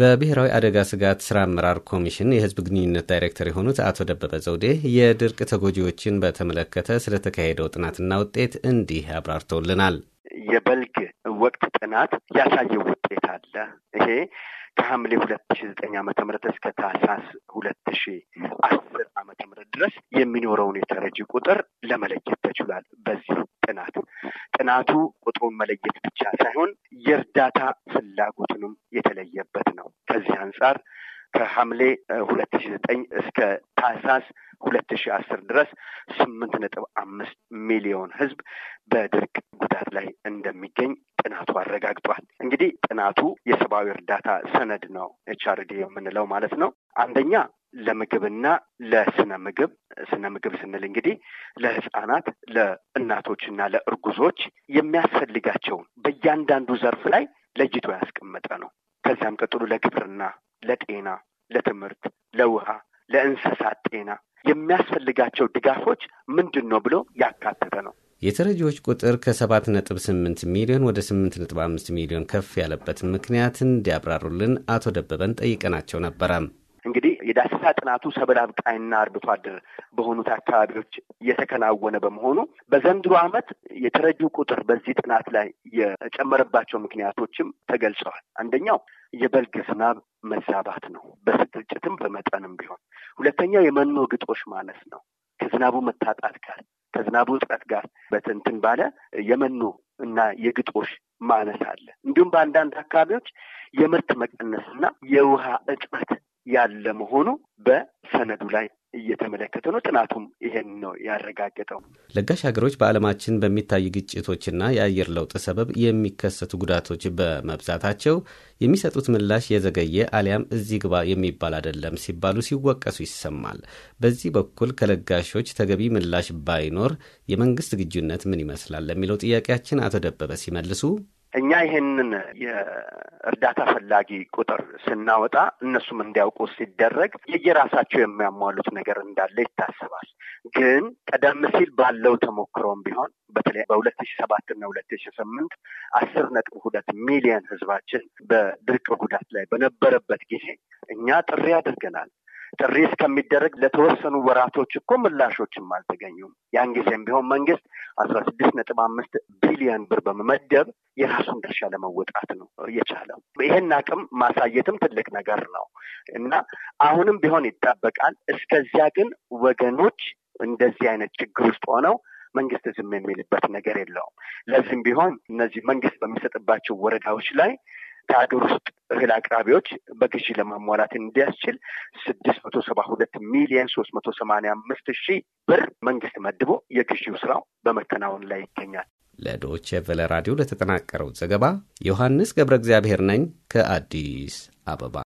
በብሔራዊ አደጋ ስጋት ስራ አመራር ኮሚሽን የህዝብ ግንኙነት ዳይሬክተር የሆኑት አቶ ደበበ ዘውዴ የድርቅ ተጎጂዎችን በተመለከተ ስለተካሄደው ጥናትና ውጤት እንዲህ አብራርተውልናል። የበልግ ወቅት ጥናት ያሳየው ውጤት አለ። ይሄ ከሐምሌ ሁለት ሺ ዘጠኝ ዓመተ ምህረት እስከ ታህሳስ ሁለት ሺ አስር ዓመተ ምህረት ድረስ የሚኖረውን የተረጂ ቁጥር ለመለየት ተችሏል። በዚህ ጥናት ጥናቱ ቁጥሩን መለየት ብቻ ሳይሆን የእርዳታ ፍላጎቱንም የተለየበት ነው። ከዚህ አንጻር ከሐምሌ ሁለት ሺ ዘጠኝ እስከ ታህሳስ ሁለት ሺ አስር ድረስ ስምንት ነጥብ አምስት ሚሊዮን ህዝብ በድርቅ ጉዳት ላይ እንደሚገኝ ጥናቱ አረጋግጧል። እንግዲህ ጥናቱ የሰብአዊ እርዳታ ሰነድ ነው ኤችአርዲ የምንለው ማለት ነው። አንደኛ ለምግብና ለስነ ምግብ ስነ ምግብ ስንል እንግዲህ ለህጻናት ለእናቶችና ለእርጉዞች የሚያስፈልጋቸውን በእያንዳንዱ ዘርፍ ላይ ለይቶ ያስቀመጠ ነው። ከዚያም ቀጥሎ ለግብርና፣ ለጤና፣ ለትምህርት፣ ለውሃ፣ ለእንስሳት ጤና የሚያስፈልጋቸው ድጋፎች ምንድን ነው ብሎ ያካተተ ነው። የተረጂዎች ቁጥር ከ7.8 ሚሊዮን ወደ 8.5 ሚሊዮን ከፍ ያለበትን ምክንያትን እንዲያብራሩልን አቶ ደበበን ጠይቀናቸው ነበረም። የዳሰሳ ጥናቱ ሰብል አብቃይና አርብቶ አደር በሆኑት አካባቢዎች የተከናወነ በመሆኑ በዘንድሮ ዓመት የተረጁ ቁጥር በዚህ ጥናት ላይ የጨመረባቸው ምክንያቶችም ተገልጸዋል። አንደኛው የበልግ ዝናብ መዛባት ነው፣ በስርጭትም በመጠንም ቢሆን። ሁለተኛው የመኖ ግጦሽ ማነስ ነው። ከዝናቡ መታጣት ጋር ከዝናቡ እጥረት ጋር በትንትን ባለ የመኖ እና የግጦሽ ማነስ አለ። እንዲሁም በአንዳንድ አካባቢዎች የምርት መቀነስና የውሃ እጥረት ያለ መሆኑ በሰነዱ ላይ እየተመለከተ ነው። ጥናቱም ይሄን ነው ያረጋገጠው። ለጋሽ ሀገሮች በዓለማችን በሚታይ ግጭቶችና የአየር ለውጥ ሰበብ የሚከሰቱ ጉዳቶች በመብዛታቸው የሚሰጡት ምላሽ የዘገየ አሊያም እዚህ ግባ የሚባል አይደለም ሲባሉ ሲወቀሱ ይሰማል። በዚህ በኩል ከለጋሾች ተገቢ ምላሽ ባይኖር የመንግስት ዝግጁነት ምን ይመስላል ለሚለው ጥያቄያችን አቶ ደበበ ሲመልሱ እኛ ይህንን የእርዳታ ፈላጊ ቁጥር ስናወጣ እነሱም እንዲያውቁ ሲደረግ የየራሳቸው የሚያሟሉት ነገር እንዳለ ይታሰባል። ግን ቀደም ሲል ባለው ተሞክሮም ቢሆን በተለይ በሁለት ሺ ሰባት እና ሁለት ሺ ስምንት አስር ነጥብ ሁለት ሚሊየን ህዝባችን በድርቅ ጉዳት ላይ በነበረበት ጊዜ እኛ ጥሪ አድርገናል። ጥሪ እስከሚደረግ ለተወሰኑ ወራቶች እኮ ምላሾችም አልተገኙም። ያን ጊዜም ቢሆን መንግስት አስራ ስድስት ነጥብ አምስት ቢሊዮን ብር በመመደብ የራሱን ድርሻ ለመወጣት ነው የቻለው። ይህን አቅም ማሳየትም ትልቅ ነገር ነው እና አሁንም ቢሆን ይጠበቃል። እስከዚያ ግን ወገኖች እንደዚህ አይነት ችግር ውስጥ ሆነው መንግስት ዝም የሚልበት ነገር የለውም። ለዚህም ቢሆን እነዚህ መንግስት በሚሰጥባቸው ወረዳዎች ላይ ከአገር ውስጥ እህል አቅራቢዎች በግዢ ለማሟላት እንዲያስችል ስድስት መቶ ሰባ ሁለት ሚሊየን ሶስት መቶ ሰማኒያ አምስት ሺህ ብር መንግስት መድቦ የግዢው ስራው በመከናወን ላይ ይገኛል። ለዶች ቨለ ራዲዮ ለተጠናቀረው ዘገባ ዮሐንስ ገብረ እግዚአብሔር ነኝ ከአዲስ አበባ